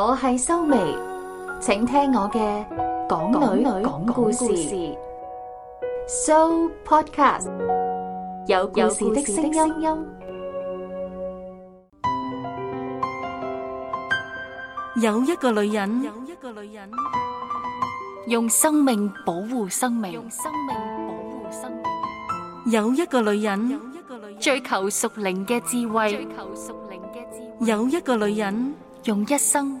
我係修眉，請聽我嘅港女港故事。So Podcast 有故事的聲音。有一個女人，有一個女人用生命保護生命，用生命保護生命。有一個女人，有一個女人追求屬靈嘅智慧。有一個女人用一生。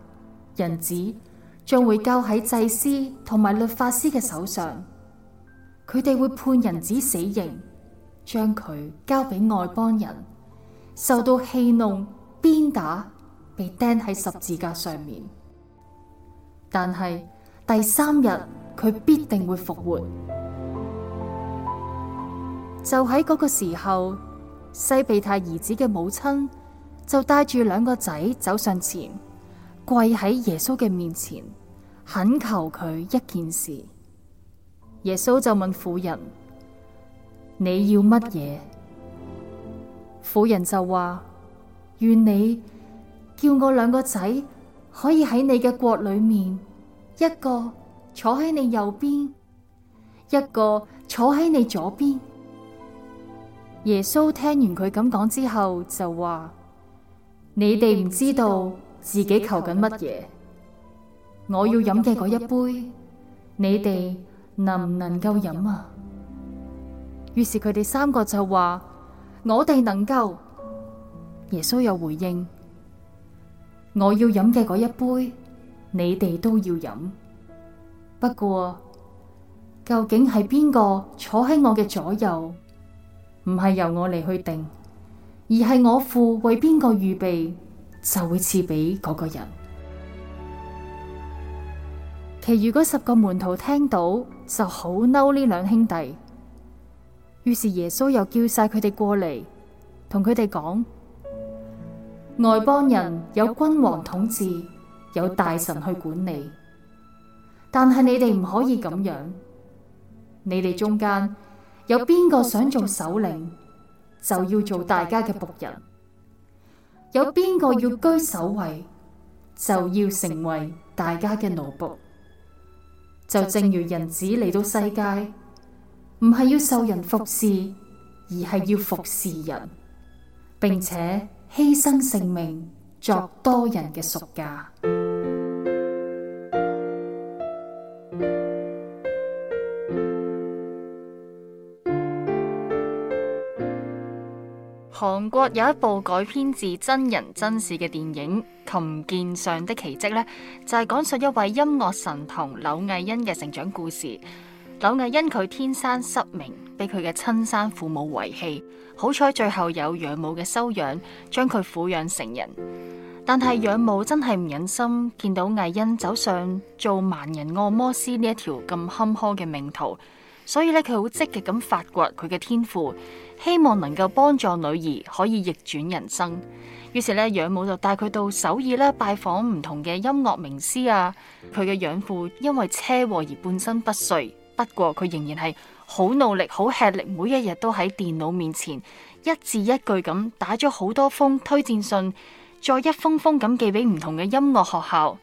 人子將會交喺祭司同埋律法師嘅手上，佢哋會判人子死刑，將佢交俾外邦人，受到戲弄、鞭打，被釘喺十字架上面。但係第三日，佢必定會復活。就喺嗰個時候，西庇太兒子嘅母親就帶住兩個仔走上前。跪喺耶穌嘅面前，懇求佢一件事。耶穌就問婦人：你要乜嘢？婦人就話：願你叫我兩個仔可以喺你嘅國裏面，一個坐喺你右邊，一個坐喺你左邊。耶穌聽完佢咁講之後，就話：你哋唔知道。自己求緊乜嘢？我要飲嘅嗰一杯，你哋能唔能夠飲啊？於是佢哋三個就話：我哋能夠。耶穌有回應：我要飲嘅嗰一杯，你哋都要飲。不過，究竟係邊個坐喺我嘅左右，唔係由我嚟去定，而係我父為邊個預備。就會賜俾嗰個人。其餘嗰十個門徒聽到就好嬲呢兩兄弟，於是耶穌又叫晒佢哋過嚟，同佢哋講：外邦人有君王統治，有大臣去管理，但係你哋唔可以咁樣。你哋中間有邊個想做首領，就要做大家嘅僕人。有邊個要居首位，就要成為大家嘅奴僕，就正如人子嚟到世界，唔係要受人服侍，而係要服侍人，並且犧牲性命作多人嘅贖價。韓國有一部改編自真人真事嘅電影《琴鍵上的奇蹟》呢，就係講述一位音樂神童柳藝恩嘅成長故事。柳藝恩佢天生失明，俾佢嘅親生父母遺棄，好彩最後有養母嘅收養，將佢撫養成人。但係養母真係唔忍心見到藝恩走上做盲人按摩師呢一條咁坎坷嘅命途。所以咧，佢好積極咁發掘佢嘅天賦，希望能夠幫助女兒可以逆轉人生。於是咧，養母就帶佢到首爾咧拜訪唔同嘅音樂名師啊。佢嘅養父因為車禍而半身不遂，不過佢仍然係好努力、好吃力，每一日都喺電腦面前一字一句咁打咗好多封推薦信，再一封封咁寄俾唔同嘅音樂學校。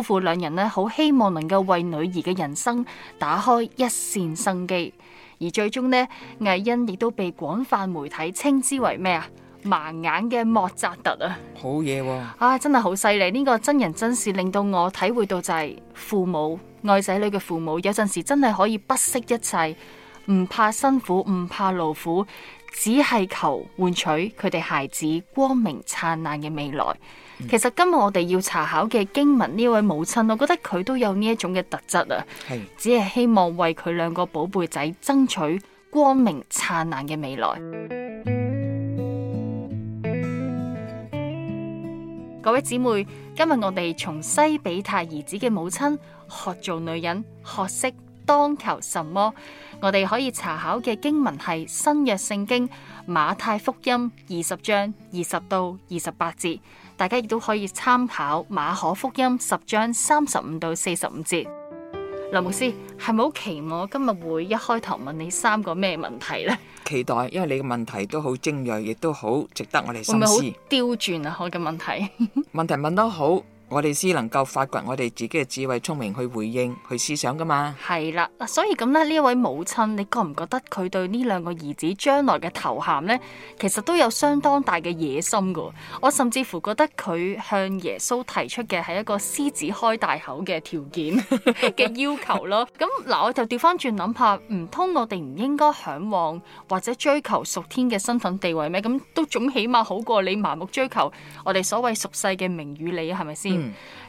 夫婦兩人呢，好希望能夠為女兒嘅人生打開一線生機，而最終呢，魏欣亦都被廣泛媒體稱之為咩啊，盲眼嘅莫扎特啊，好嘢喎！啊，真係好犀利！呢、這個真人真事令到我體會到就係父母愛仔女嘅父母有陣時真係可以不惜一切，唔怕辛苦，唔怕勞苦。只係求換取佢哋孩子光明燦爛嘅未來。其實今日我哋要查考嘅經文，呢位母親，我覺得佢都有呢一種嘅特質啊，只係希望為佢兩個寶貝仔爭取光明燦爛嘅未來。嗯、各位姊妹，今日我哋從西庇太兒子嘅母親學做女人，學識。當求什麼？我哋可以查考嘅經文係新約聖經馬太福音二十章二十到二十八節，大家亦都可以參考馬可福音十章三十五到四十五節。林牧師係咪好期望今日會一開頭問你三個咩問題呢？期待，因為你嘅問題都好精銳，亦都好值得我哋深思。會唔會刁鑽啊，我嘅問題。 問題問得好。我哋先能夠發掘我哋自己嘅智慧聰明去回應、去思想噶嘛？係啦，所以咁呢，呢一位母親，你覺唔覺得佢對呢兩個兒子將來嘅頭銜呢？其實都有相當大嘅野心噶？我甚至乎覺得佢向耶穌提出嘅係一個獅子開大口嘅條件嘅 要求咯。咁嗱，我就調翻轉諗下，唔通我哋唔應該向往或者追求屬天嘅身份地位咩？咁都總起碼好過你盲目追求我哋所謂屬世嘅名與利，啊？係咪先？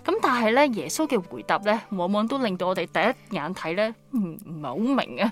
咁但係咧，耶穌嘅回答咧，往往都令到我哋第一眼睇咧，唔唔係好明啊！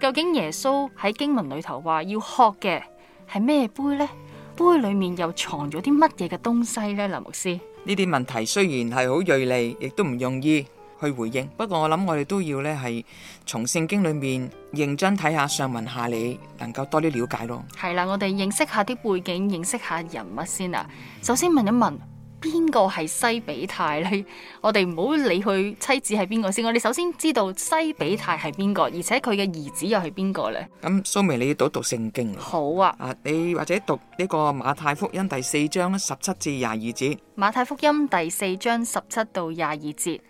究竟耶穌喺經文裏頭話要喝嘅係咩杯咧？杯裏面又藏咗啲乜嘢嘅東西咧？林牧師，呢啲問題雖然係好銳利，亦都唔容易去回應。不過我諗我哋都要咧係從聖經裏面認真睇下上文下理，能夠多啲了解咯。係啦，我哋認識下啲背景，認識下人物先啦。首先問一問。邊個係西庇太咧？我哋唔好理佢妻子係邊個先，我哋首先知道西庇太係邊個，而且佢嘅兒子又係邊個咧？咁蘇明，你要讀一讀聖經啊！好啊，啊，你或者讀呢、這個馬太福音第四章十七至廿二節。馬太福音第四章十七到廿二節，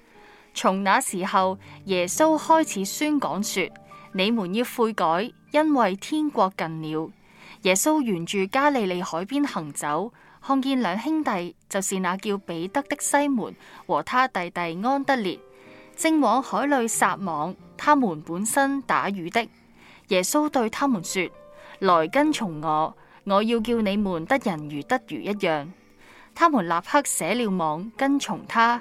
從那時候耶穌開始宣講說：你們要悔改，因為天國近了。耶穌沿住加利利海邊行走。看見兩兄弟，就是那叫彼得的西門和他弟弟安德烈，正往海裏撒網。他們本身打魚的。耶穌對他們說：來跟從我，我要叫你們得人如得魚一樣。他們立刻捨了網跟從他。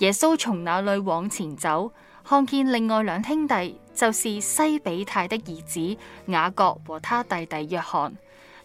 耶穌從那裏往前走，看見另外兩兄弟，就是西比泰的兒子雅各和他弟弟約翰。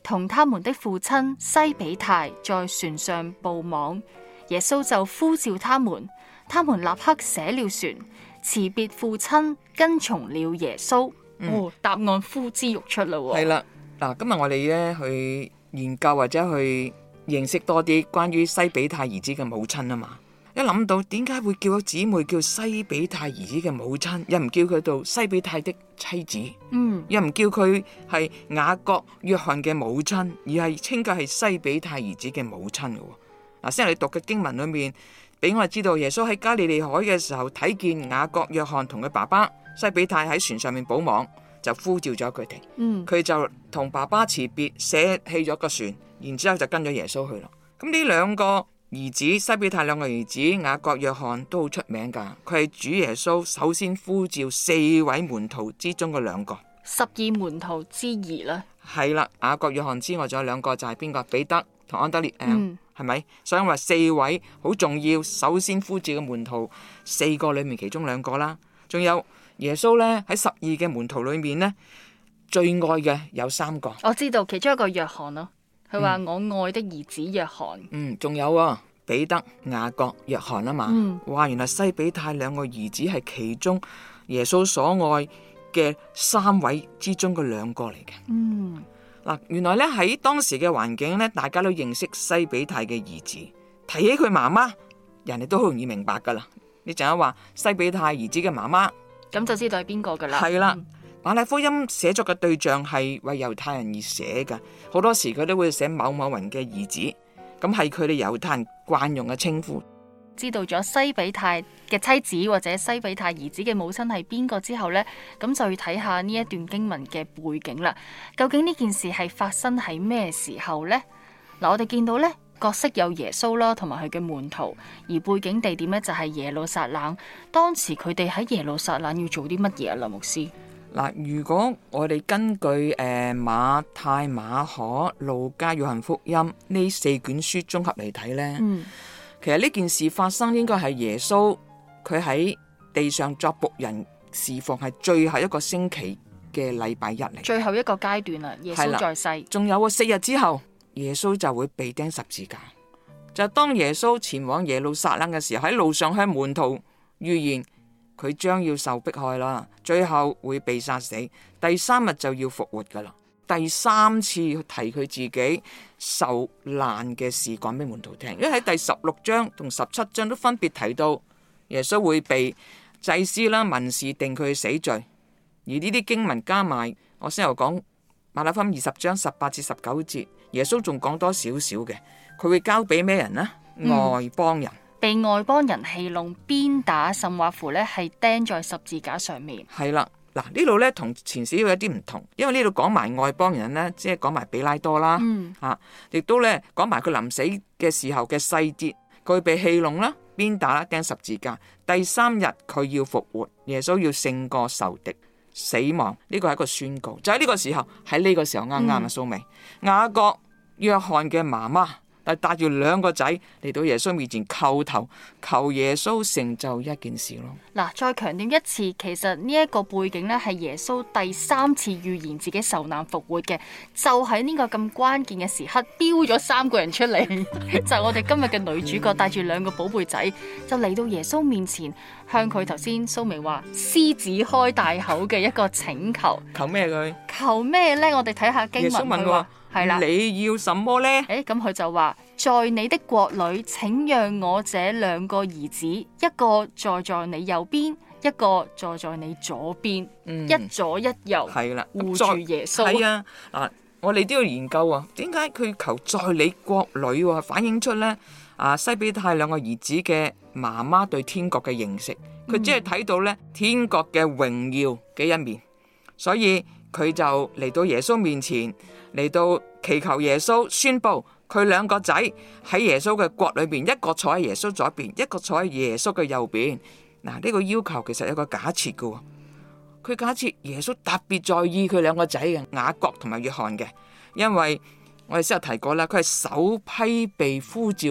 同他們的父親西比泰在船上補網，耶穌就呼召他們，他們立刻捨了船，辭別父親，跟從了耶穌。嗯哦，答案呼之欲出啦。係啦，嗱，今日我哋咧去研究或者去認識多啲關於西比泰兒子嘅母親啊嘛。一諗到點解會叫個姊妹叫西比泰兒子嘅母親，又唔叫佢做西比泰的妻子，嗯，又唔叫佢係雅各約翰嘅母親，而係稱佢係西比泰兒子嘅母親嘅。嗱、啊，先係你讀嘅經文裏面，俾我哋知道耶穌喺加利利海嘅時候睇見雅各約翰同佢爸爸西比泰喺船上面補網，就呼召咗佢哋，嗯，佢就同爸爸辭別，捨棄咗個船，然之後就跟咗耶穌去啦。咁呢兩個。兒子西庇太兩個兒子雅各、約翰都好出名噶，佢係主耶穌首先呼召四位門徒之中嘅兩個，十二門徒之二啦。係啦，雅各、約翰之外，仲有兩個就係邊個？彼得同安德烈，誒、嗯，係咪？所以我話四位好重要，首先呼召嘅門徒四個裏面其中兩個啦。仲有耶穌呢，喺十二嘅門徒裏面呢，最愛嘅有三個。我知道其中一個約翰咯。佢話我愛的兒子約翰。嗯，仲干、嗯、有啊，彼得、雅各、約翰啊嘛。嗯、哇，原來西比泰兩個兒子係其中耶穌所愛嘅三位之中嘅兩個嚟嘅。嗯，嗱，原來咧喺當時嘅環境咧，大家都認識西比泰嘅兒子，提起佢媽媽，人哋都好容易明白噶啦。你仲有話西比泰兒子嘅媽媽，咁就知道係邊個噶啦。係啦的。嗯馬利亞福音寫作嘅對象係為猶太人而寫嘅，好多時佢都會寫某某人嘅兒子，咁係佢哋猶太人慣用嘅稱呼。知道咗西比泰嘅妻子或者西比泰兒子嘅母親係邊個之後呢，咁就要睇下呢一段經文嘅背景啦。究竟呢件事係發生喺咩時候呢？嗱，我哋見到呢，角色有耶穌啦，同埋佢嘅門徒，而背景地點呢，就係耶路撒冷。當時佢哋喺耶路撒冷要做啲乜嘢啊？林牧師。嗱，如果我哋根據誒、呃、馬太、馬可、路加、約翰福音呢四卷書綜合嚟睇呢，其實呢件事發生應該係耶穌佢喺地上作僕人侍奉係最後一個星期嘅禮拜日嚟，最後一個階段啦、啊，耶穌在世，仲有個四日之後，耶穌就會被釘十字架。就係當耶穌前往耶路撒冷嘅時候，喺路上向門徒預言。佢將要受迫害啦，最後會被殺死，第三日就要復活噶啦。第三次提佢自己受難嘅事，講俾門徒聽。因為喺第十六章同十七章都分別提到，耶穌會被祭司啦、文士定佢死罪。而呢啲經文加埋，我先又講馬太福音二十章十八至十九節，耶穌仲講多少少嘅，佢會交俾咩人呢？外邦人。嗯被外邦人戲弄、鞭打，甚或乎咧係釘在十字架上面。係啦，嗱呢度咧同前史有一啲唔同，因為呢度講埋外邦人咧，即係講埋比拉多啦，吓亦、嗯啊、都咧講埋佢臨死嘅時候嘅細節，佢被戲弄啦、鞭打啦、釘十字架。第三日佢要復活，耶穌要勝過仇敵、死亡。呢、這個係一個宣告。就喺、是、呢個時候，喺呢個時候啱啱啊蘇美雅各約翰嘅媽媽。係帶住兩個仔嚟到耶穌面前叩頭，求耶穌成就一件事咯。嗱，再強調一次，其實呢一個背景咧，係耶穌第三次預言自己受難復活嘅，就喺呢個咁關鍵嘅時刻，標咗三個人出嚟， 就我哋今日嘅女主角帶住兩個寶貝仔， 就嚟到耶穌面前，向佢頭先蘇眉話獅子開大口嘅一個請求，求咩佢？求咩呢？我哋睇下經文係啦，你要什麼呢？誒，咁佢就話在你的國裏，請讓我這兩個兒子，一個在在你右邊，一個在在你左邊，嗯、一左一右，係啦了，護住耶穌。係啊，嗱、啊，我哋都要研究啊，點解佢求在你國裏，啊，反映出咧啊西庇太兩個兒子嘅媽媽對天國嘅認識，佢只係睇到咧、嗯、天國嘅榮耀嘅一面，所以佢就嚟到耶穌面前。嚟到祈求耶穌宣布佢兩個仔喺耶穌嘅國裏邊，一個坐喺耶穌左邊，一個坐喺耶穌嘅右邊。嗱，呢個要求其實有個假設噶，佢假設耶穌特別在意佢兩個仔嘅雅各同埋約翰嘅，因為我哋先日提過啦，佢係首批被呼召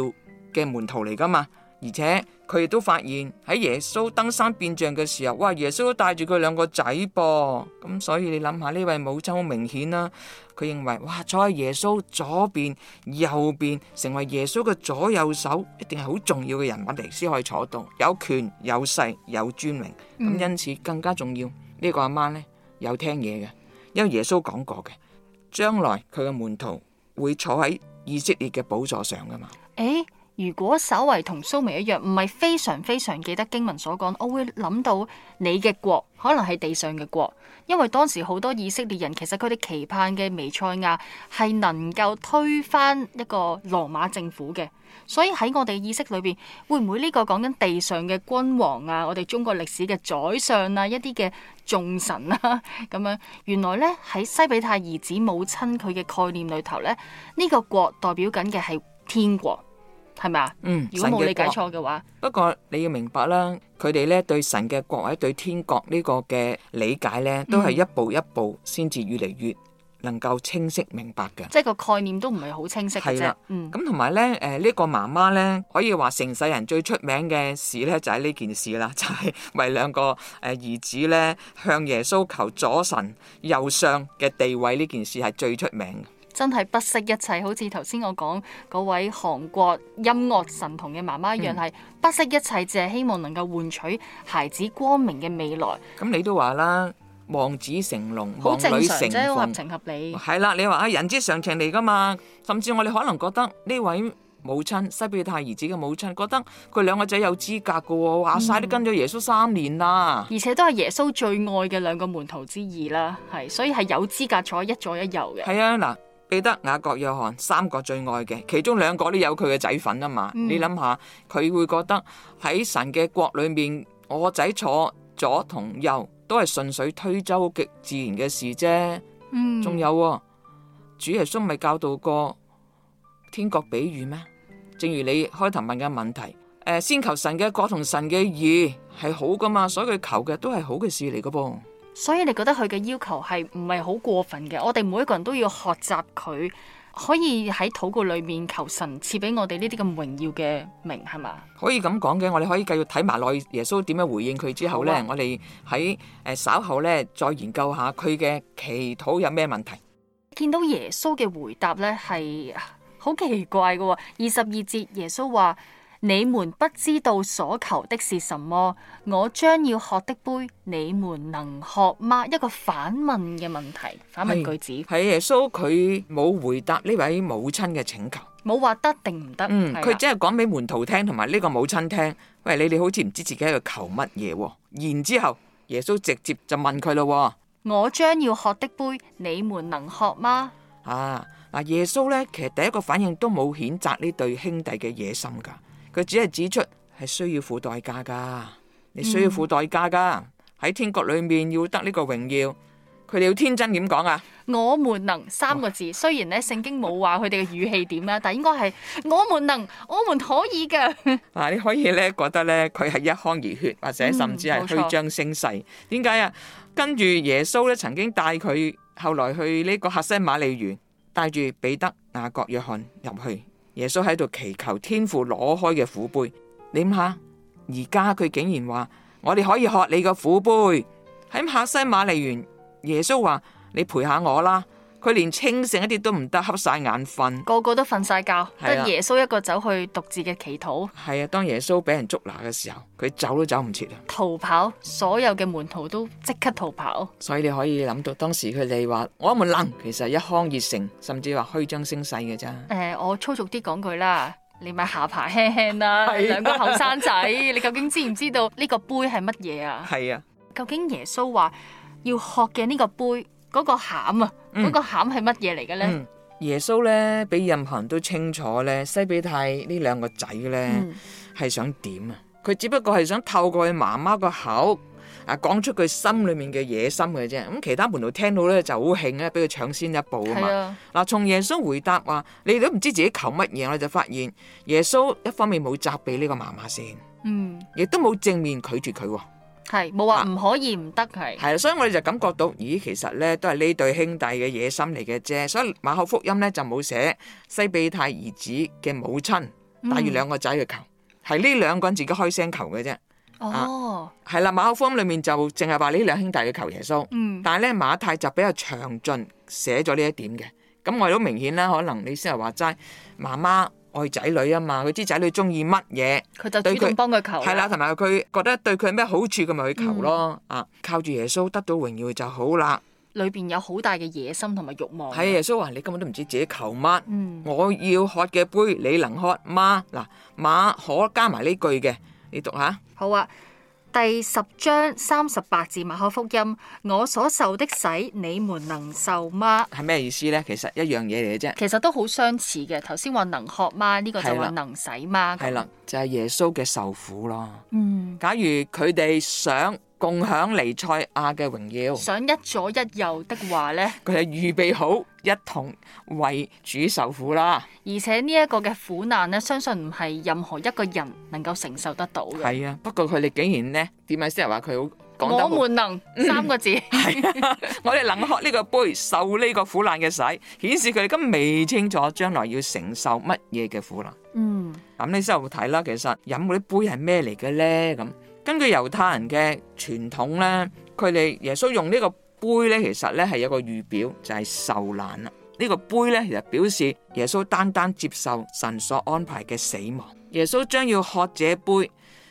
嘅門徒嚟噶嘛。而且佢亦都發現喺耶穌登山變像嘅時候，哇！耶穌都帶住佢兩個仔噃，咁、嗯、所以你諗下呢位母親好明顯啦、啊。佢認為哇，坐喺耶穌左邊、右邊，成為耶穌嘅左右手，一定係好重要嘅人物嚟，先可以坐到有權、有勢、有尊榮。咁、嗯、因此更加重要呢、呢個阿媽呢，有聽嘢嘅，因為耶穌講過嘅，將來佢嘅門徒會坐喺以色列嘅寶座上噶嘛？誒。如果稍為同蘇眉一樣，唔係非常非常記得經文所講，我會諗到你嘅國可能係地上嘅國，因為當時好多以色列人其實佢哋期盼嘅彌賽亞係能夠推翻一個羅馬政府嘅，所以喺我哋意識裏邊會唔會呢個講緊地上嘅君王啊？我哋中國歷史嘅宰相啊，一啲嘅眾神啊？咁樣，原來呢，喺西庇太兒子母親佢嘅概念裏頭呢，呢、呢個國代表緊嘅係天國。係咪啊？嗯，如果冇理解錯嘅話，不過你要明白啦，佢哋咧對神嘅國位、對天國呢個嘅理解咧，都係一步一步先至越嚟越能夠清晰明白嘅。嗯、即係個概念都唔係好清晰啫。的嗯，咁同埋咧，誒、呃這個、呢個媽媽咧可以話成世人最出名嘅事咧就係、是、呢件事啦，就係、是、為兩個誒兒子咧向耶穌求咗神右上嘅地位，呢件事係最出名。真係不惜一切，好似頭先我講嗰位韓國音樂神童嘅媽媽一樣，係、嗯、不惜一切，淨係希望能夠換取孩子光明嘅未來。咁你都話啦，望子成龍，好正常啫，合情合理。係啦，你話啊，人之常情嚟噶嘛。甚至我哋可能覺得呢位母親，西庇太兒子嘅母親，覺得佢兩個仔有資格嘅喎，話晒都跟咗耶穌三年啦，而且都係耶穌最愛嘅兩個門徒之二啦，係、嗯，所以係有資格坐一左一右嘅。係啊、嗯，嗱、嗯。記得雅各約翰三個最愛嘅，其中兩個都有佢嘅仔份啊嘛。嗯、你諗下，佢會覺得喺神嘅國裏面，我仔坐左同右都係順水推舟、極自然嘅事啫。仲、嗯、有、哦、主耶穌咪教導過天國比喻咩？正如你開頭問嘅問題，誒、呃、先求神嘅國同神嘅義係好噶嘛，所以佢求嘅都係好嘅事嚟噶噃。所以你覺得佢嘅要求係唔係好過分嘅？我哋每一個人都要學習佢，可以喺禱告裏面求神賜俾我哋呢啲咁榮耀嘅名，係嘛？可以咁講嘅，我哋可以繼續睇埋內耶穌點樣回應佢之後呢？啊、我哋喺誒稍後呢，再研究下佢嘅祈禱有咩問題。見到耶穌嘅回答呢，係好奇怪嘅，二十二節耶穌話。你們不知道所求的是什麼，我將要喝的杯，你們能喝嗎？一個反問嘅問題，反問句子係耶穌佢冇回答呢位母親嘅請求，冇話得定唔得，嗯，佢只係講俾門徒聽同埋呢個母親聽。喂，你哋好似唔知自己喺度求乜嘢。然之後耶穌直接就問佢咯，我將要喝的杯，你們能喝嗎？啊嗱，耶穌呢，其實第一個反應都冇譴責呢對兄弟嘅野心噶。佢只係指出，係需要付代價噶，你需要付代價噶。喺、嗯、天國裏面要得呢個榮耀，佢哋要天真點講啊？我們能三個字，哦、雖然咧聖經冇話佢哋嘅語氣點啊，但應該係我們能，我們可以噶。嗱， 你可以咧覺得咧，佢係一腔熱血，或者甚至係虛張聲勢。點解啊？跟住耶穌咧，曾經帶佢後來去呢個客西馬尼園，帶住彼得、雅各、約翰入去。耶穌喺度祈求天父攞開嘅苦杯，你諗下，而家佢竟然話我哋可以喝你個苦杯，喺客西馬尼園，耶穌話你陪下我啦。佢連清醒一啲都唔得，瞌晒眼瞓，個個都瞓晒覺，得耶穌一個走去獨自嘅祈禱。係啊，當耶穌俾人捉拿嘅時候，佢走都走唔切啊！逃跑，所有嘅門徒都即刻逃跑。所以你可以諗到當時佢哋話：我一門能，其實一腔熱誠，甚至話虛張聲勢嘅咋？誒、呃，我粗俗啲講句啦，你咪下巴輕輕啦、啊，是啊、兩個後生仔，你究竟知唔知道呢個杯係乜嘢啊？係啊，究竟耶穌話要學嘅呢個杯嗰、那個餡啊？嗰個餡係乜嘢嚟嘅咧？耶穌咧，比任何人都清楚咧，西庇太呢兩個仔咧，係、嗯、想點啊？佢只不過係想透過佢媽媽個口啊，講出佢心裏面嘅野心嘅啫。咁其他門徒聽到咧就好㷫啊，俾佢搶先一步啊嘛。嗱、啊，從耶穌回答話，你都唔知自己求乜嘢，我就發現耶穌一方面冇責備呢個媽媽先，嗯，亦都冇正面拒絕佢喎、哦。係冇話唔可以唔得佢。係啊，所以我哋就感覺到，咦，其實咧都係呢對兄弟嘅野心嚟嘅啫。所以馬可福音咧就冇寫西庇太兒子嘅母親帶住兩個仔去求，係呢兩個人自己開聲求嘅啫。哦，係啦，啊，馬可福音裏面就淨係話呢兩兄弟嘅求耶穌。嗯，但係咧馬太就比較詳盡寫咗呢一點嘅。咁我哋好明顯啦，可能你先係話齋媽媽。媽媽愛仔女啊嘛，佢知仔女中意乜嘢，佢就主動幫佢求。係啦，同埋佢覺得對佢有咩好處，咁咪去求咯。嗯、啊，靠住耶穌得到榮耀就好啦。裏邊有好大嘅野心同埋欲望、啊。係耶穌話、啊：你根本都唔知自己求乜。嗯、我要喝嘅杯，你能喝嗎？嗱、啊，馬可加埋呢句嘅，你讀下。好啊。第十章三十八字馬可福音：我所受的洗，你們能受嗎？係咩意思呢？其實一樣嘢嚟嘅啫。其實都好相似嘅。頭先話能喝嗎？呢、呢個就話能洗嗎？係啦，就係、是、耶穌嘅受苦咯。嗯，假如佢哋想。共享尼賽亞嘅榮耀，想一左一右的話咧，佢係預備好一同為主受苦啦。而且呢一個嘅苦難咧，相信唔係任何一個人能夠承受得到嘅。係啊，不過佢哋竟然咧，點解先係話佢好？我們能三個字，係啊，我哋能喝呢個杯，受呢個苦難嘅洗，顯示佢哋今未清楚將來要承受乜嘢嘅苦難。嗯，咁呢，之後睇啦，其實飲嗰啲杯係咩嚟嘅咧？咁。根據猶太人嘅傳統呢，佢哋耶穌用呢個杯呢，其實呢係有個預表，就係受難啦。呢個杯呢，其實表示耶穌單單接受神所安排嘅死亡。耶穌將要喝這杯，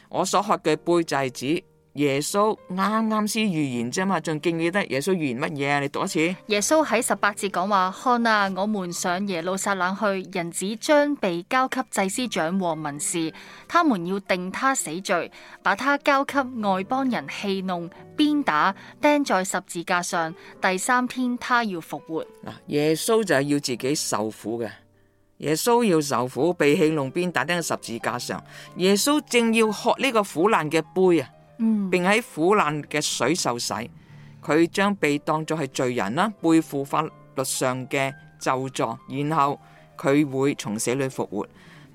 我所喝嘅杯就係指。耶穌啱啱先預言啫嘛，仲記唔記得耶穌預言乜嘢啊？你讀一次耶穌喺十八節講話：看啊，我們上耶路撒冷去，人子將被交給祭司長和文士，他們要定他死罪，把他交給外邦人戲弄、鞭打、釘在十字架上。第三天，他要復活。耶穌就係要自己受苦嘅。耶穌要受苦，被戲弄、鞭打、釘在十字架上。耶穌正要喝呢個苦難嘅杯啊！嗯、並喺苦難嘅水受洗，佢將被當作係罪人啦，背負法律上嘅咒詛，然後佢會從死裏復活，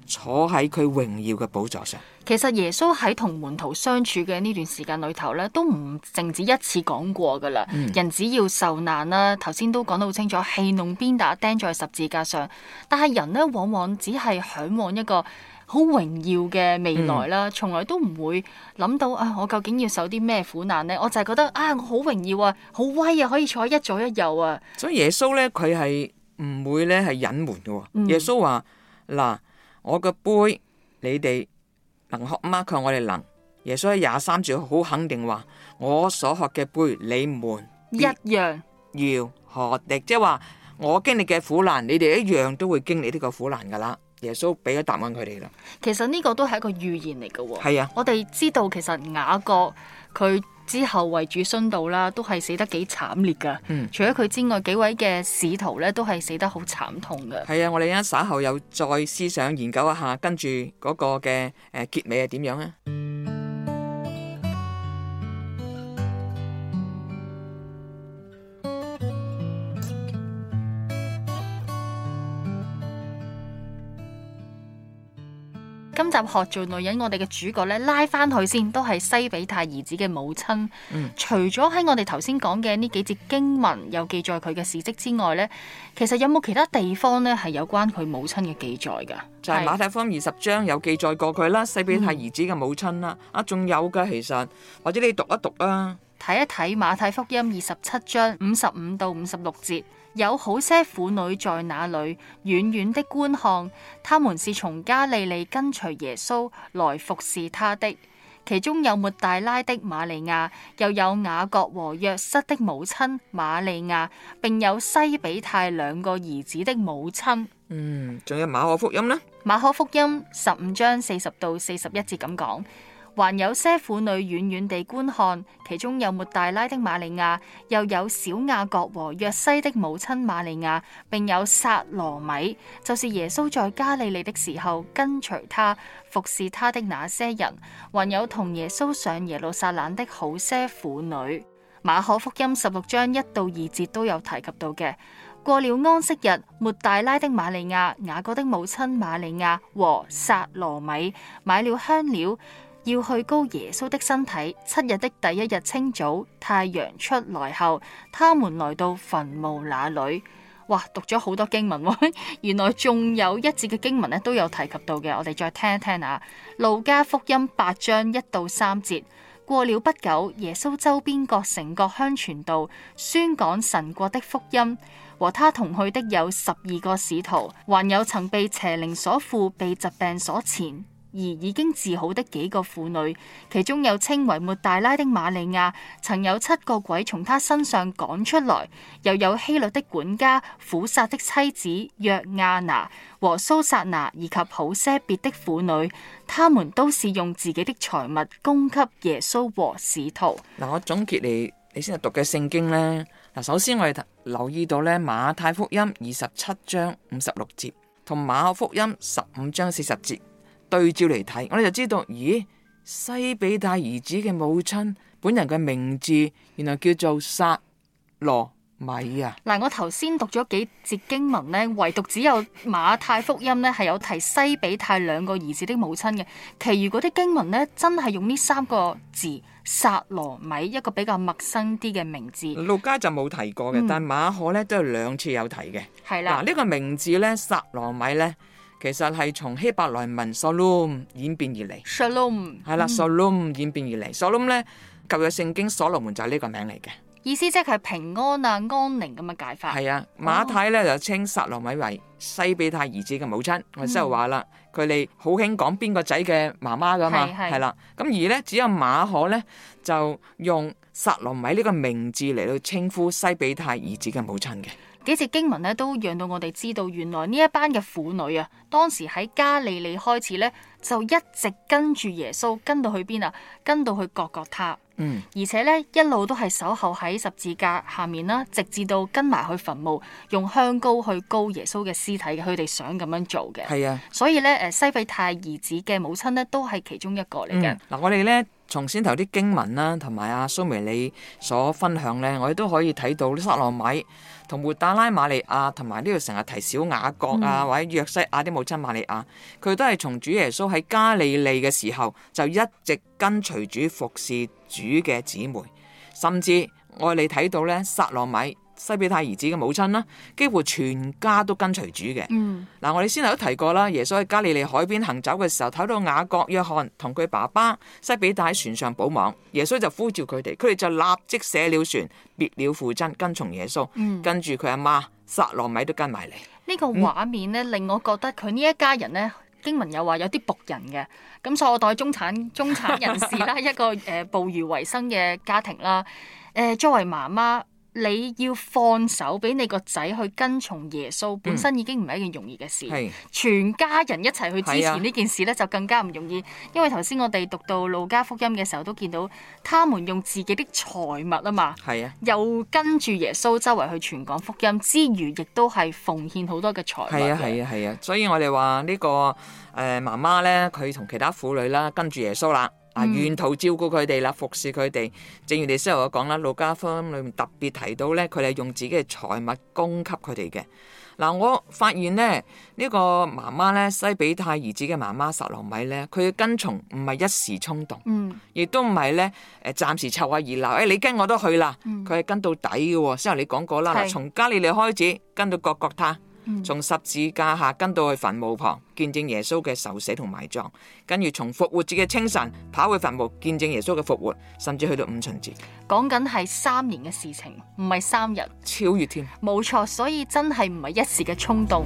坐喺佢榮耀嘅寶座上。其實耶穌喺同門徒相處嘅呢段時間裏頭咧，都唔淨止一次講過噶啦。嗯、人只要受難啦，頭先都講得好清楚，戲弄鞭打、釘在十字架上，但係人呢，往往只係向往一個。好榮耀嘅未來啦，從、嗯、來都唔會諗到啊、哎！我究竟要受啲咩苦難呢。我就係覺得啊、哎，我好榮耀啊，好威啊，可以坐一左一右啊！所以耶穌呢，佢係唔會呢係隱瞞嘅。嗯、耶穌話：嗱，我嘅杯，你哋能喝嗎？佢話我哋能。耶穌喺廿三節好肯定話：我所喝嘅杯，你們一樣要喝的。即係話我經歷嘅苦難，你哋一樣都會經歷呢個苦難㗎啦。耶穌俾咗答案佢哋啦。其實呢個都係一個預言嚟噶、哦。係啊。我哋知道其實雅各佢之後為主殉道啦，都係死得幾慘烈噶。嗯。除咗佢之外，幾位嘅使徒咧都係死得好慘痛噶。係啊。我哋稍後又再思想研究一下，跟住嗰個嘅誒結尾係點樣咧？今集學做女人，我哋嘅主角咧，拉翻去先，都係西庇太兒子嘅母親。嗯、除咗喺我哋頭先講嘅呢幾節經文有記載佢嘅事跡之外呢，其實有冇其他地方呢係有關佢母親嘅記載噶？就係、是、馬太福音二十章有記載過佢啦，西庇太兒子嘅母親啦。嗯、啊，仲有噶其實，或者你讀一讀啦、啊，睇一睇馬太福音二十七章五十五到五十六節。有好些婦女在那裏，遠遠的觀看。他們是從加利利跟隨耶穌來服侍他的，其中有末大拉的瑪利亞，又有雅各和約瑟的母親瑪利亞，並有西比泰兩個兒子的母親。嗯，仲有馬可福音呢？馬可福音十五章四十到四十一節咁講。還有些婦女遠遠地觀看，其中有抹大拉的瑪利亞，又有小雅各和約西的母親瑪利亞，並有撒羅米，就是耶穌在加利利的時候跟隨他服侍他的那些人，還有同耶穌上耶路撒冷的好些婦女。馬可福音十六章一到二節都有提及到嘅。過了安息日，抹大拉的瑪利亞、雅各的母親瑪利亞和撒羅米買了香料。要去膏耶穌的身體。七日的第一日清早，太陽出來後，他們來到墳墓那裏。哇，讀咗好多經文，哦，原來仲有一節嘅經文咧都有提及到嘅。我哋再聽一聽啊，《路加福音》八章一到三節。過了不久，耶穌周邊各城各鄉傳道，宣講神國的福音。和他同去的有十二個使徒，還有曾被邪靈所附、被疾病所纏。而已經治好的幾個婦女，其中又稱為末大拉的瑪利亞，曾有七個鬼從她身上趕出來，又有希律的管家苦撒的妻子約亞娜、和蘇撒娜，以及好些別的婦女，他們都是用自己的財物供給耶穌和使徒。嗱，我總結嚟，你先係讀嘅聖經呢。嗱，首先我哋留意到呢，馬太福音二十七章五十六節，同馬可福音十五章四十節。對照嚟睇，我哋就知道，咦，西比太兒子嘅母親本人嘅名字，原來叫做撒羅米啊！嗱，我頭先讀咗幾節經文咧，唯獨只有馬太福音咧係有提西比太兩個兒子的母親嘅，其餘嗰啲經文咧真係用呢三個字撒羅米，一個比較陌生啲嘅名字。路加就冇提過嘅，嗯、但馬可咧都有兩次有提嘅。係啦的，嗱呢、呢個名字咧，撒羅米咧。其實係從希伯來文 shalom 演變而嚟，係啦 shalom 演變而嚟。shalom 咧舊嘅聖經所羅門就係呢個名嚟嘅，意思即係佢係平安啊、安寧咁嘅解法。係啊，馬太咧就稱撒羅米為西庇太兒子嘅母親，我之後話啦，佢哋好興講邊個仔嘅媽媽噶嘛，係啦、嗯。咁而咧只有馬可咧就用撒羅米呢個名字嚟到稱呼西庇太兒子嘅母親嘅。幾節經文咧，都讓到我哋知道，原來呢一班嘅婦女啊，當時喺加利利開始咧，就一直跟住耶穌，跟到去邊啊？跟到去各各他，嗯、而且咧一路都係守候喺十字架下面啦，直至到跟埋去墳墓，用香膏去膏耶穌嘅屍體嘅，佢哋想咁樣做嘅，係啊，所以咧，誒，西庇太兒子嘅母親咧，都係其中一個嚟嘅。嗱、嗯，我哋咧。從先頭啲經文啦，同埋阿蘇梅利所分享呢，我哋都可以睇到薩羅米同抹大拉瑪利亞，同埋呢度成日提小雅各啊，或者約西亞啲母親瑪利亞，佢、嗯、都係從主耶穌喺加利利嘅時候就一直跟隨主服侍主嘅姊妹，甚至我哋睇到呢薩羅米，西比太兒子嘅母親啦，幾乎全家都跟隨主嘅。嗱、嗯啊，我哋先頭都提過啦，耶穌喺加利利海邊行走嘅時候，睇到雅各、約翰同佢爸爸西比太喺船上補網，耶穌就呼召佢哋，佢哋就立即捨了船，別了父親，跟從耶穌。嗯、跟住佢阿媽撒羅米都跟埋嚟。呢個畫面呢，令我覺得佢呢一家人呢，經文又話有啲僕人嘅。咁所以我當中產中產人士啦， 一個誒漁捕魚為生嘅家庭啦，誒、呃、作為媽媽。你要放手俾你個仔去跟從耶穌，本身已經唔係一件容易嘅事。嗯、全家人一齊去支持呢件事咧，啊、就更加唔容易。因為頭先我哋讀到路加福音嘅時候，都見到他們用自己的財物啊嘛，啊又跟住耶穌周圍去傳講福音之餘，亦都係奉獻好多嘅財物。係啊係啊係啊！所以我哋話呢個誒媽媽呢，佢同其他婦女啦，跟住耶穌啦。啊！沿途照顧佢哋啦，服侍佢哋。正如你先頭我講啦，《路加福音》裏面特別提到咧，佢哋係用自己嘅財物供給佢哋嘅嗱。我發現咧，呢、這個媽媽咧，西比泰兒子嘅媽媽撒羅米咧，佢跟從唔係一時衝動，亦都唔係咧誒，暫時湊下熱鬧，誒、哎、你跟我都去啦，佢係跟到底嘅。先頭、嗯、你講過啦，嗱是，從加利利開始跟到各各他。從、嗯、十字架下跟到去墳墓旁見證耶穌嘅受死同埋葬，跟住從復活節嘅清晨跑去墳墓見證耶穌嘅復活，甚至去到五旬節，講緊係三年嘅事情，唔係三日，超越添，冇錯，所以真係唔係一時嘅衝動。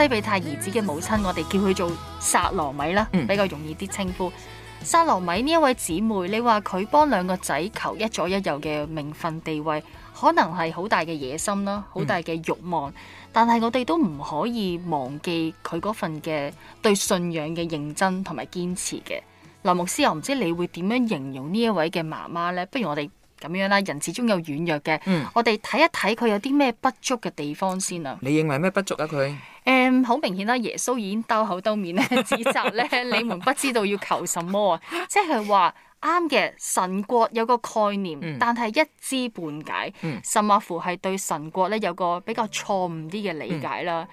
西庇太兒子嘅母親，我哋叫佢做撒羅米啦，比較容易啲稱呼。撒羅、嗯、米呢一位姊妹，你話佢幫兩個仔求一左一右嘅名分地位，可能係好大嘅野心啦，好大嘅欲望。嗯、但係我哋都唔可以忘記佢嗰份嘅對信仰嘅認真同埋堅持嘅。羅牧師，又唔知你會點樣形容呢一位嘅媽媽呢？不如我哋咁樣啦，人始終有軟弱嘅。嗯、我哋睇一睇佢有啲咩不足嘅地方先啦、啊。你認為咩不足啊？佢？誒，好、um, 明顯啦、啊！耶穌已經兜口兜面咧，指責咧 「你們不知道要求什麼。就是」啊，即係話啱嘅神國有個概念，但係一知半解，嗯、甚或乎係對神國咧有個比較錯誤啲嘅理解啦。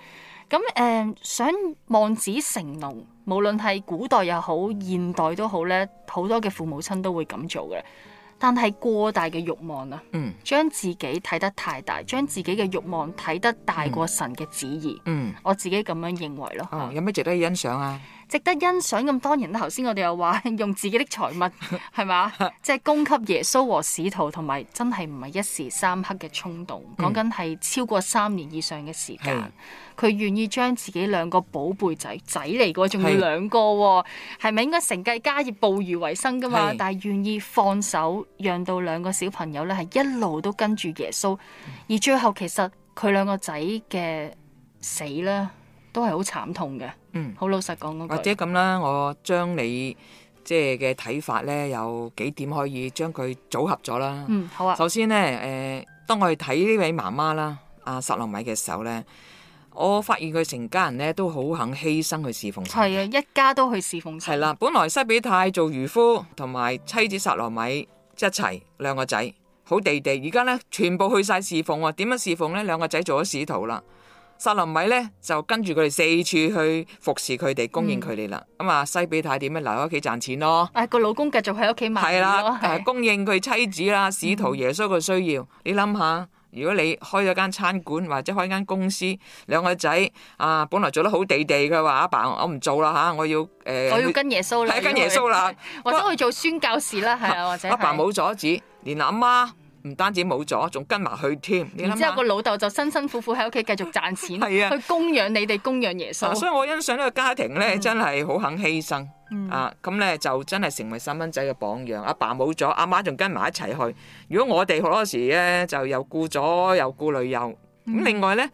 咁誒、嗯嗯、想望子成龍，無論係古代又好，現代都好咧，好多嘅父母親都會咁做嘅。但係過大嘅欲望啊，將、嗯、自己睇得太大，將自己嘅欲望睇得大過神嘅旨意。嗯、我自己咁樣認為咯。哦、有咩值得欣賞啊？值得欣賞咁，當然啦。頭先我哋又話用自己的財物係嘛，即係、 就是、供給耶穌和使徒，同埋真係唔係一時三刻嘅衝動，講緊係超過三年以上嘅時間。嗯佢願意將自己兩個寶貝仔仔嚟過，仲要兩個，係咪是應該承繼家業，捕魚為生噶嘛？是但係願意放手，讓到兩個小朋友咧，係一路都跟住耶穌。而最後其實佢兩個仔嘅死咧，都係好慘痛嘅。嗯，好老實講嗰句，那個、或者咁啦，我將你即係嘅睇法咧，有幾點可以將佢組合咗啦？嗯，好啊。首先咧，誒、呃，當我哋睇呢位媽媽啦，阿、啊、薩羅米嘅時候咧。我發現佢成家人咧都好肯犧牲去侍奉神，係啊，一家都去侍奉神。係啦，本來西比泰做漁夫，同埋妻子撒羅米一齊兩個仔好地地，而家咧全部去晒侍奉。點樣侍奉咧？兩個仔做咗使徒啦，撒羅米咧就跟住佢哋四處去服侍佢哋，供應佢哋啦。咁啊、嗯，西比泰點樣留喺屋企賺錢咯？誒、哎，個老公繼續喺屋企賣嘢咯，供應佢妻子啦、使徒耶穌嘅需要。你諗下。想想想如果你開咗間餐館或者開間公司，兩個仔啊，本來做得好地地嘅話，阿爸，我唔做啦吓，我要誒，呃、我要跟耶穌啦，係跟耶穌啦，因為或者去做宣教士啦，係、啊、或者阿爸冇阻止，連阿媽。唔單止冇咗，仲跟埋去添。然之後個老豆就辛辛苦苦喺屋企繼續賺錢，去供養你哋，供養耶穌。所以我欣賞呢個家庭咧，嗯、真係好肯犧牲、嗯、啊！咁咧就真係成為細蚊仔嘅榜樣。阿爸冇咗，阿媽仲跟埋一齊去。如果我哋好多時咧，就又顧咗又顧女幼咁。另外呢，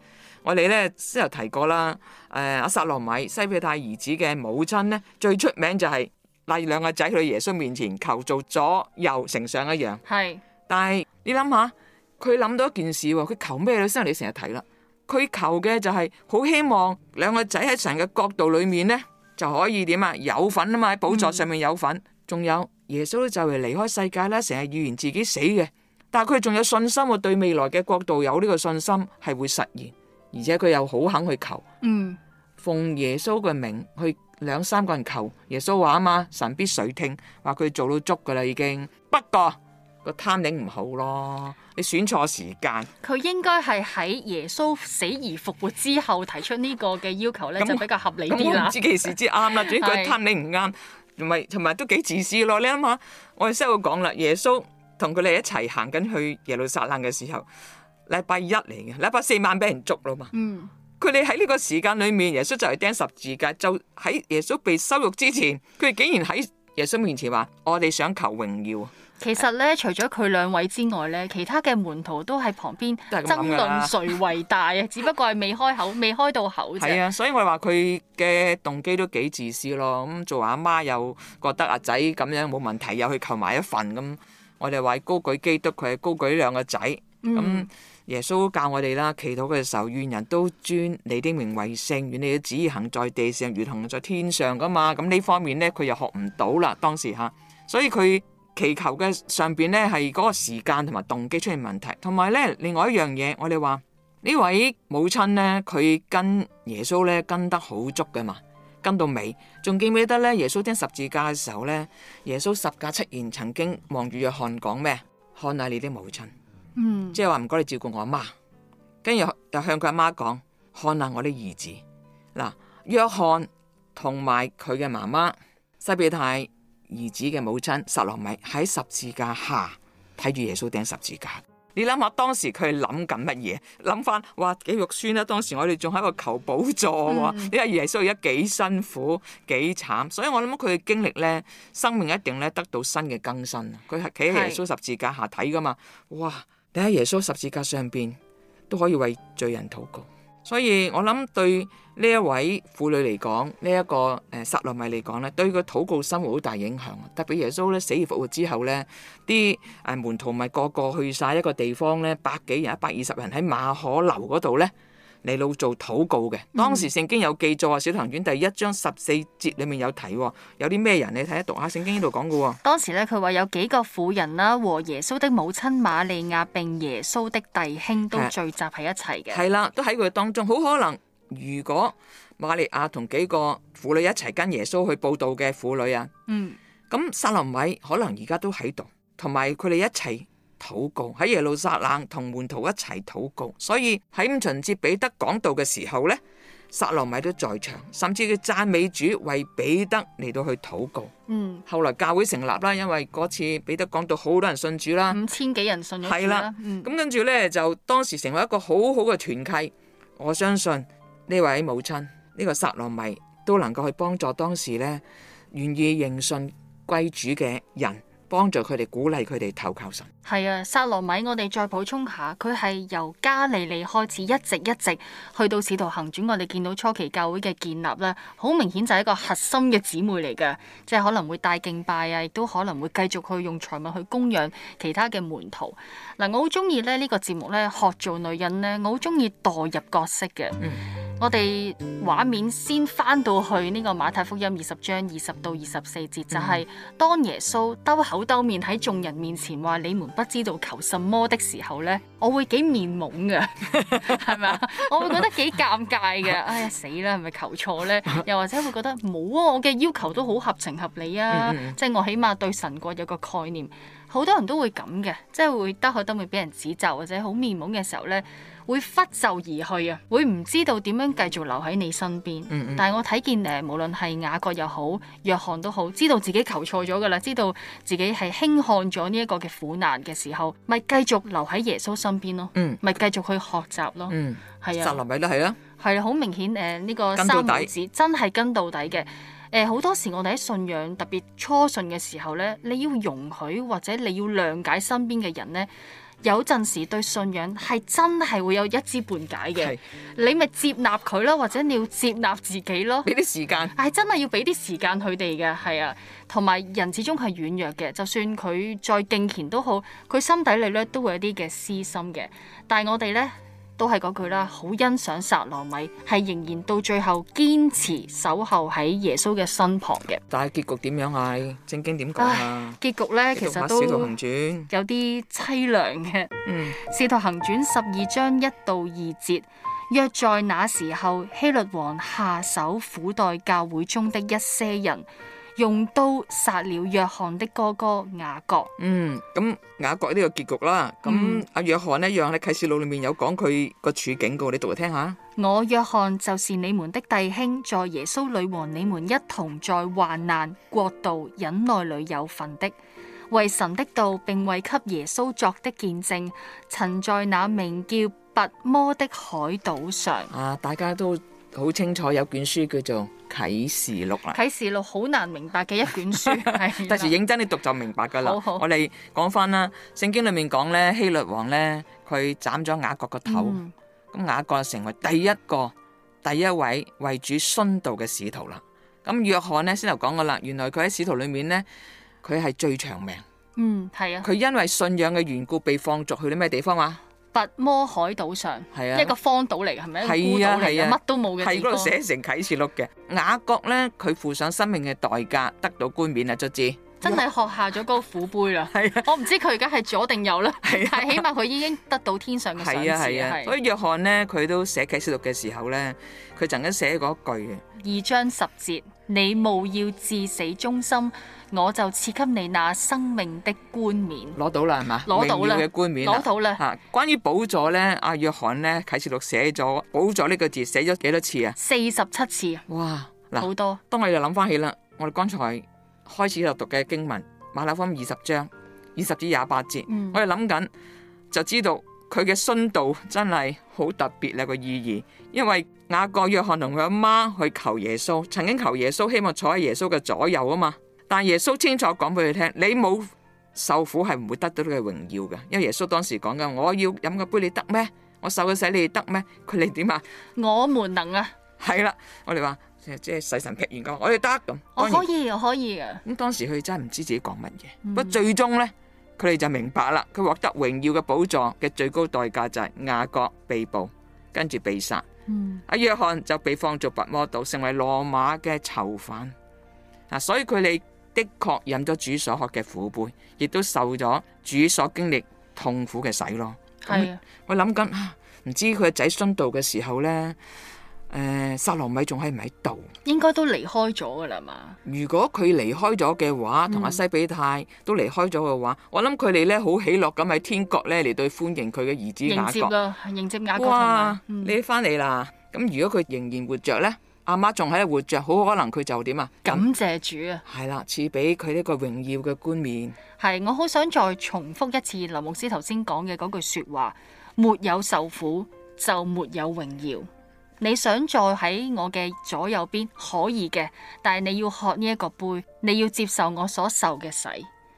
我哋咧先有提過啦。誒阿撒羅米西庇太兒子嘅母親呢，最出名就係、是、帶兩個仔去耶穌面前求做左右丞相一樣係。但係你諗下，佢諗到一件事，佢求咩咧？先係你成日睇啦。佢求嘅就係好希望兩個仔喺神嘅國度裏面呢，就可以點啊？有份啊嘛，喺寶座上面有份。仲、嗯、有耶穌就嚟離開世界啦，成日預言自己死嘅。但係佢仲有信心喎，對未來嘅國度有呢個信心係會實現，而且佢又好肯去求。嗯，奉耶穌嘅名去兩三個人求。耶穌話啊嘛，神必垂聽，話佢做到足噶啦已經。不過。個 timing 唔好咯，你選錯時間。佢應該係喺耶穌死而復活之後提出呢個嘅要求咧， 就比較合理啲啦。唔、嗯嗯嗯嗯、知幾時之啱啦，仲要佢 timing 唔啱，同埋同埋都幾自私咯。你諗下，我哋收講啦，耶穌同佢哋一齊行緊去耶路撒冷嘅時候，禮拜一嚟嘅，禮拜四晚俾人捉咯嘛。嗯，佢哋喺呢個時間裏面，耶穌就係釘十字架，就喺耶穌被羞辱之前，佢哋竟然喺耶穌面前話：我哋想求榮耀。其實咧，除咗佢兩位之外咧，其他嘅門徒都喺旁邊爭論誰為大啊！ 只不過係未開口，未開到口啫。係啊，所以我話佢嘅動機都幾自私咯。咁做阿媽，媽又覺得阿仔咁樣冇問題，又去求埋一份。咁我哋話高舉基督，佢係高舉兩個仔。咁、嗯、耶穌教我哋啦，祈禱嘅時候，願人都尊你啲名為聖，願你的旨意行在地上，如同在天上噶嘛。咁呢方面咧，佢又學唔到啦。當時吓，所以佢。祈求嘅上邊呢，係嗰個時間同埋動機出現問題，同埋呢，另外一樣嘢，我哋話呢位母親呢，佢跟耶穌呢，跟得好足噶嘛，跟到尾仲記唔記得呢？耶穌聽十字架嘅時候呢，耶穌十字架七言，曾經望住約翰講咩？看下你啲母親，嗯，即係話唔該你照顧我阿媽，跟住又向佢阿媽講，看下我啲兒子，嗱，約翰同埋佢嘅媽媽西庇太。兒子嘅母親撒羅米喺十字架下睇住耶穌釘十字架，你諗下當時佢係諗緊乜嘢？諗翻哇，幾肉酸啦！當時我哋仲喺度求補助，你話、嗯、耶穌而家幾辛苦幾慘，所以我諗佢嘅經歷呢，生命一定咧得到新嘅更新啊！佢係企喺耶穌十字架下睇噶嘛，是哇！你喺耶穌十字架上邊都可以為罪人禱告。所以我諗對呢一位婦女嚟講，呢、這、一個誒撒羅米嚟講咧，對佢禱告生活好大影響。特別耶穌咧死而復活之後咧，啲誒門徒咪個個去晒一個地方咧，百幾人一百二十人喺馬可樓嗰度咧。你老做禱告嘅，當時聖經有記載喎，《小唐院第一章十四節裡面有提，有啲咩人？你睇下讀下聖經呢度講嘅喎。當時咧，佢話有幾個婦人啦，和耶穌的母親瑪利亞並耶穌的弟兄都聚集喺一齊嘅。係啦、嗯，都喺佢當中，好可能。如果瑪利亞同幾個婦女一齊跟耶穌去佈道嘅婦女啊，嗯，咁薩、嗯、林偉可能而家都喺度，同埋佢哋一齊。禱告喺耶路撒冷同門徒一齊禱告，所以喺五旬節彼得講道嘅時候呢，撒羅米都在場，甚至佢讚美主為彼得嚟到去禱告。嗯，後來教會成立啦，因為嗰次彼得講道好多人信主啦，五千幾人信咗主啦。咁了、嗯、跟住呢，就當時成為一個好好嘅團契。我相信呢位母親呢、這個撒羅米都能夠去幫助當時呢願意認信歸主嘅人。幫助佢哋，鼓勵佢哋投靠神。係啊，撒羅米，我哋再補充下，佢係由加利利開始，一直一直去到使徒行傳，我哋見到初期教會嘅建立咧，好明顯就係一個核心嘅姊妹嚟嘅，即係可能會帶敬拜啊，亦都可能會繼續去用財物去供養其他嘅門徒。嗱，我好中意咧，呢個節目咧，學做女人呢，我好中意代入角色嘅。嗯我哋畫面先翻到去、這、呢個馬太福音二十章二十到二十四節，嗯、就係當耶穌兜口兜面喺眾人面前話：你們不知道求什麼的時候呢，我會幾面懵噶，係咪啊？我會覺得幾尷尬嘅。哎呀死啦，係咪求錯呢？又或者會覺得冇啊？我嘅要求都好合情合理啊！即係、嗯嗯、我起碼對神國有個概念。好多人都會咁嘅，即、就、係、是、會兜口兜面俾人指責，或者好面懵嘅時候呢。會拂袖而去啊！會唔知道點樣繼續留喺你身邊？嗯嗯、但係我睇見誒，無論係雅各又好，約翰都好，知道自己求錯咗噶啦，知道自己係輕看咗呢一個嘅苦難嘅時候，咪繼續留喺耶穌身邊咯。咪，嗯、繼續去學習咯。係、嗯、啊，神林咪都係啦。係好明顯誒，呢、呃這個三母子真係跟到底嘅。誒，好、呃、多時我哋喺信仰特別初信嘅時候咧，你要容許或者你要諒解身邊嘅人咧。有陣時對信仰係真係會有一知半解嘅，是你咪接納佢咯，或者你要接納自己咯。俾啲時間，係真係要俾啲時間佢哋嘅，係啊，同埋人始終係軟弱嘅，就算佢再敬虔都好，佢心底裡咧都會有啲嘅私心嘅，但係我哋咧。都係嗰句啦，好欣賞撒羅米，係仍然到最後堅持守候喺耶穌嘅身旁嘅。但係結局點樣係啊？正經點講啊？結局呢，其實都用有啲淒涼嘅。嗯，使徒行傳十二章一到二節，約在那時候，希律王下手苦待教會中的一些人。用刀殺了約翰的哥哥雅各。嗯，咁雅各呢個結局啦。咁阿約翰呢，讓你啟示錄裏面有講佢個處境噶，你讀嚟聽下。我約翰就是你們的弟兄，在耶穌裏和你們一同在患難國度忍耐裏有份的，為神的道，並為給耶穌作的見證，曾在那名叫拔摩的海島上。啊，大家都。好清楚，有卷書叫做《啟示錄》啦，《啟示錄》好難明白嘅一卷書，第時認真你讀就明白噶啦。好好，我哋講翻啦，《聖經》裏面講咧，希律王咧，佢斬咗雅各個頭，咁、嗯、雅各成為第一個、第一位為主殉道嘅使徒啦。咁約翰呢，先頭講過啦，原來佢喺使徒裏面呢，佢係最長命。嗯，係啊，佢因為信仰嘅緣故，被放逐去啲咩地方話？拔摩海島上，一個荒島嚟，係咪一個孤島嚟？乜都冇嘅。喺嗰度寫成啟示錄嘅雅各咧，佢付上生命嘅代價，得到冠冕啊！卒之真係學下咗嗰個苦杯啦。我唔知佢而家係左定右啦，但係起碼佢已經得到天上嘅賞賜。所以約翰咧，佢都寫啟示錄嘅時候咧，佢曾經寫過一句：二章十節，你務要至死忠心。我就賜給你那生命的冠冕，攞到啦，係嘛？榮耀嘅冠冕攞到啦。吓，關於寶座咧，阿約翰咧，啟示錄寫咗寶座呢個字寫咗幾多次啊？四十七次啊！哇，好多。當我哋諗翻起啦，我哋剛才開始就讀嘅經文，馬太福音二十章二十至廿八節，我哋諗緊就知道佢嘅殉道真係好特別。有個意義，因為雅各約翰同佢阿媽去求耶穌，曾經求耶穌，希望坐喺耶穌嘅左右啊。嘛。但耶穌清楚講俾佢聽，你冇受苦係唔會得到佢嘅榮耀嘅，因為耶穌當時講緊，我要飲個杯你得咩？我受個死你哋得咩？佢哋點啊？我們能啊？係啦，我哋話即係細神劈完講，我哋得咁，我可以，可以嘅。咁當時佢哋真係唔知自己講乜嘢，不過最終咧，佢哋就明白啦，佢獲得榮耀嘅寶藏嘅最高代價就係雅各被捕，跟住被殺。嗯，阿約翰就被放做拔摩島，成為羅馬嘅囚犯。啊，所以佢哋。的確飲咗主所學嘅苦杯，亦都受咗主所經歷痛苦嘅洗咯。係的啊，我諗緊，唔知佢個仔殉道嘅時候呢，誒、呃，撒羅米仲喺唔喺度？應該都離開咗噶啦嘛。如果佢離開咗嘅話，同阿西比泰都離開咗嘅話，嗯、我諗佢哋呢好喜樂咁喺天國呢嚟對歡迎佢嘅兒子雅各。迎接咯，迎接雅各哇、嗯、你翻嚟啦！咁如果佢仍然活着呢？阿媽仲喺度活着，好可能佢就點啊？感,感謝主啊！係啦，賜俾佢呢個榮耀嘅冠冕。係，我好想再重複一次林牧師頭先講嘅嗰句說話：沒有受苦就沒有榮耀。你想再喺我嘅左右邊可以嘅，但係你要喝呢一個杯，你要接受我所受嘅洗。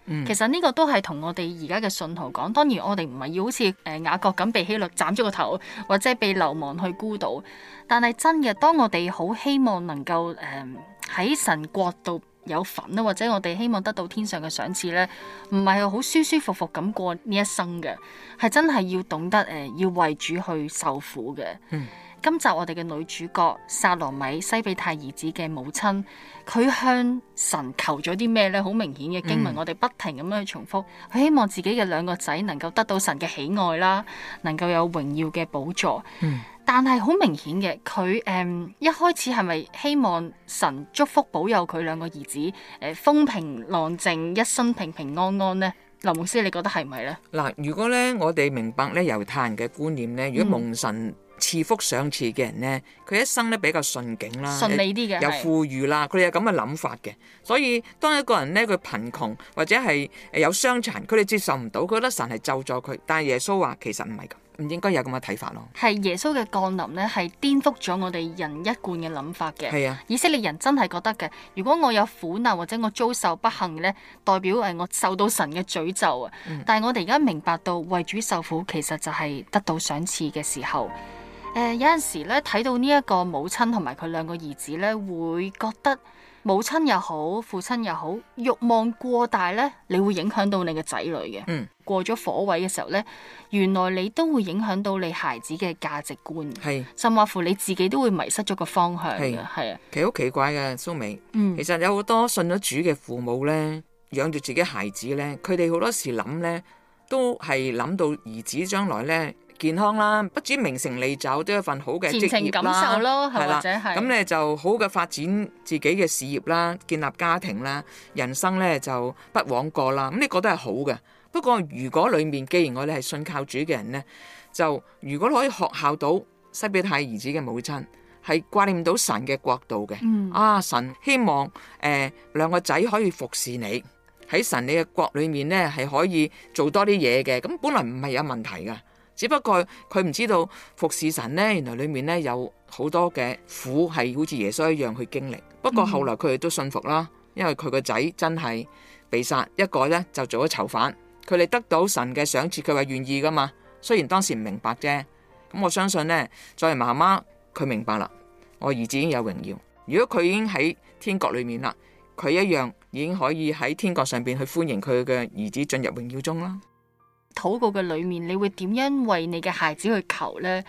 嗯、其實呢個都係同我哋而家嘅信徒講，當然我哋唔係要好似誒雅各咁被希律斬咗個頭，或者被流亡去孤島，但係真嘅，當我哋好希望能夠誒喺神國度有份啦，或者我哋希望得到天上嘅賞賜咧，唔係好舒舒服服咁過呢一生嘅，係真係要懂得誒、呃、要為主去受苦嘅。嗯今集我哋嘅女主角撒羅米西庇太兒子嘅母親，佢向神求咗啲咩呢？好明顯嘅經文，嗯、我哋不停咁樣去重複。佢希望自己嘅兩個仔能夠得到神嘅喜愛啦，能夠有榮耀嘅寶座。嗯、但係好明顯嘅，佢誒、嗯、一開始係咪希望神祝福保佑佢兩個兒子？誒，風平浪靜，一生平平安安呢？林牧師，你覺得係咪呢？嗱，如果咧我哋明白咧猶太人嘅觀念咧，如果蒙神。嗯賜福賞賜嘅人呢，佢一生咧比較順境啦，順利啲嘅，有富裕啦，佢哋是有咁嘅諗法嘅。所以當一個人咧，佢貧窮或者係誒有傷殘，佢哋接受唔到，佢覺得神係咒咗佢。但係耶穌話其實唔係咁，唔應該有咁嘅睇法咯。係耶穌嘅降臨呢，係顛覆咗我哋人一貫嘅諗法嘅。係啊，以色列人真係覺得嘅，如果我有苦難或者我遭受不幸呢，代表誒我受到神嘅詛咒啊。嗯。但係我哋而家明白到為主受苦，其實就係得到賞賜嘅時候。誒、呃，有陣時咧睇到呢一個母親同埋佢兩個兒子咧，會覺得母親又好，父親又好，慾望過大咧，你會影響到你嘅仔女嘅。嗯，過咗火位嘅時候咧，原來你都會影響到你孩子嘅價值觀。係是，甚至乎你自己都會迷失咗個方向。係是，係啊是，其實好奇怪㗎，蘇美。嗯，其實有好多信咗主嘅父母咧，養住自己孩子咧，佢哋好多時諗咧，都係諗到兒子將來咧。健康啦，不止名成利就都有一份好嘅職業感受咯。係啦，咁咧就好嘅發展自己嘅事業啦，建立家庭啦，人生咧就不枉過啦。咁你覺得係好嘅？不過如果裏面既然我哋係信靠主嘅人咧，就如果可以學校到西庇太兒子嘅母親係掛念到神嘅國度嘅，嗯、啊，神希望誒兩、呃、個仔可以服侍你喺神你嘅國裏面咧係可以做多啲嘢嘅。咁本來唔係有問題噶。只不過佢唔知道服侍神呢，原來裏面呢有好多嘅苦係好似耶穌一樣去經歷。不過後來佢哋都信服啦，因為佢個仔真係被殺，一個呢就做咗囚犯。佢哋得到神嘅賞賜，佢話願意噶嘛。雖然當時唔明白啫，咁我相信呢，作為媽媽佢明白啦。我兒子已經有榮耀，如果佢已經喺天國裏面啦，佢一樣已經可以喺天國上邊去歡迎佢嘅兒子進入榮耀中啦。禱告嘅裏面，你會點樣為你嘅孩子去求呢？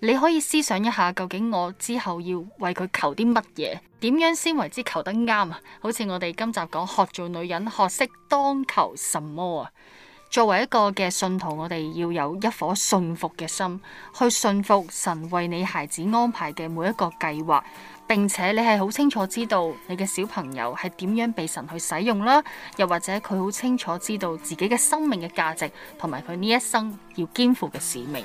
你可以思想一下，究竟我之後要為佢求啲乜嘢？點樣先為之求得啱啊？好似我哋今集講學做女人，學識當求什麼啊？作為一個嘅信徒，我哋要有一顆信服嘅心，去信服神為你孩子安排嘅每一個計劃。並且你係好清楚知道你嘅小朋友係點樣被神去使用啦，又或者佢好清楚知道自己嘅生命嘅價值，同埋佢呢一生要肩負嘅使命。